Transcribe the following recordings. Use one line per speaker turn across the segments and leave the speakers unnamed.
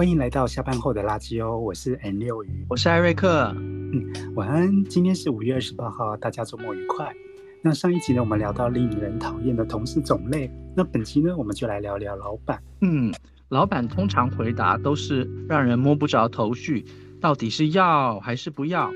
歡迎來到下班後的拉基歐，我是 N 六魚，我是艾瑞克，嗯，晚安，今天是五月二十八號，大家週末愉快。那上一集呢，我們聊到令人討厭的同事種類，那本期呢，我們就
來聊聊老板。嗯，老板通常回答都是讓人摸不着頭緒，到底是要還是不要？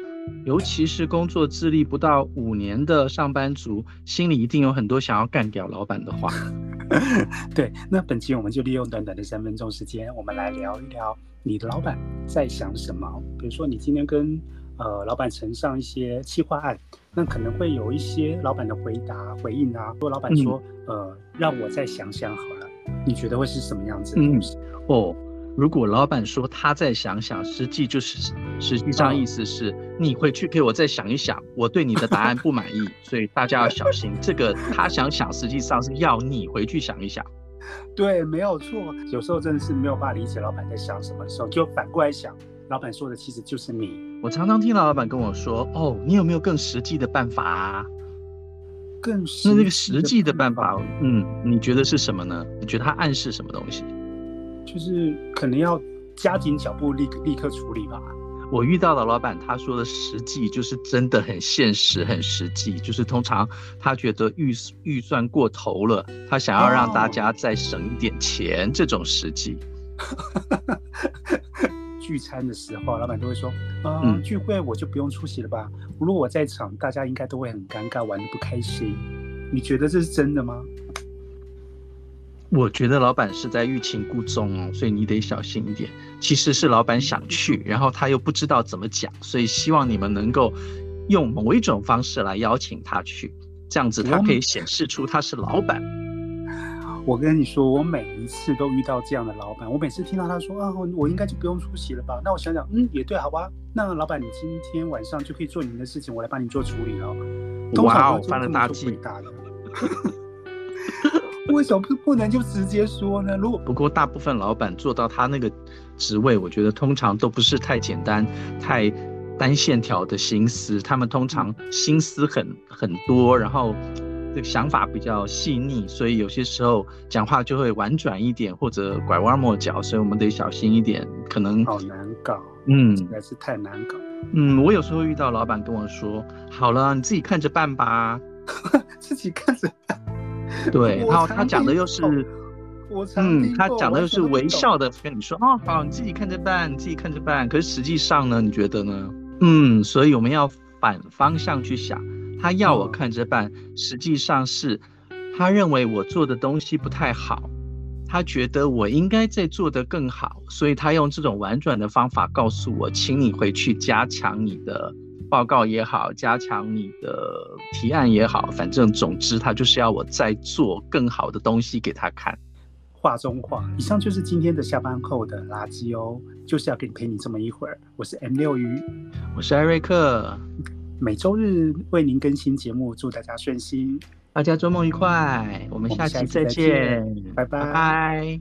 尤其是工作資歷不到五年的上班族，心裡一定有很多想要幹掉老板的話。
對，那本期我們就利用短短的三分鐘時間，我們來聊一聊你的老板在想什麼？比如說，你今天跟呃老板呈上一些企劃案，那可能會有一些老板的回答回應啊。如果老板說、嗯、呃讓我再想想好了，
你覺得會是什麼樣子的東西？嗯哦。如果老闆說他再想想，實際就是實際上意思是你回去給我再想一想，我對你的答案不滿意，所以大家要小心。這個他想想，實際上是要你回去想一想。
對，沒有錯。有時候真的是沒有辦法理解老闆在想什麼的時候，就反過來想，
老闆說的其實就是你。我常常聽老闆跟我說，哦，你有沒有更實際的辦法啊？更那那個實際的辦法，嗯，你覺得是什麼呢？你覺得他暗示什麼東西？就是可能要加緊腳步立，立立刻處理吧。我遇到的老闆，他說的實際就是真的很現實、很實際。就是通常他覺得預預算過頭了，他想要讓大家再省一點錢。Oh. 這種實際
聚餐的時候，老闆都會說：“呃、嗯，聚會我就不用出席了吧？如果我在場，大家應該都會很尷尬，玩得不開心。”你覺得這是真的嗎？
我覺得老闆是在欲擒故縱，所以你得小心一點。其實是老闆想去，然後他又不知道怎麼講，所以希望你們能夠用某一種方式來邀請他去，這樣子他可以顯示出他是老闆。
我跟你說，我每一次都遇到這樣的老闆，我每次聽到他說啊、哦，我應該就不用出席了吧？那我想想，嗯，也對，好吧。那老闆，你今天晚上就可以做你們的事情，我來幫你做處理了。哇、哦、我犯了大忌， 為什麼不能就直
接說呢？如果不過大部分老板做到他那個職位，我覺得通常都不是太簡單、太單線條的心思。他們通常心思很很多，然後這個想法比較細膩，所以有些時候講話就會婉轉一點或者拐彎抹角，所以我們得小心一點。可能好難搞，
嗯，實在是太難搞。
嗯，我有時候遇到老板跟我說：“好了，你自己看着辦吧， 自己看着辦。”對，然後他講的又
是，
嗯，他講的又是微笑的跟你說，哦，好，你自己看着辦，你自己看着辦。可是實際上呢，你覺得呢？嗯，所以我們要反方向去想，他要我看着辦，實際上是他認為我做的東西不太好，他覺得我應該再做得更好，所以他用這種婉轉的方法告訴我，請你回去加強你的。報告也好，加強你的提案也好，反正總之，他就是要我再做更好的東西給他看。
話中話。以上就是今天的下班後的拉基歐，就是要給你陪你這麼一會兒。我是 M 六魚，我是艾瑞克，每周日為您更新節目，祝大家順心，
大家周末愉快，我們下期再見，再見拜拜。拜拜。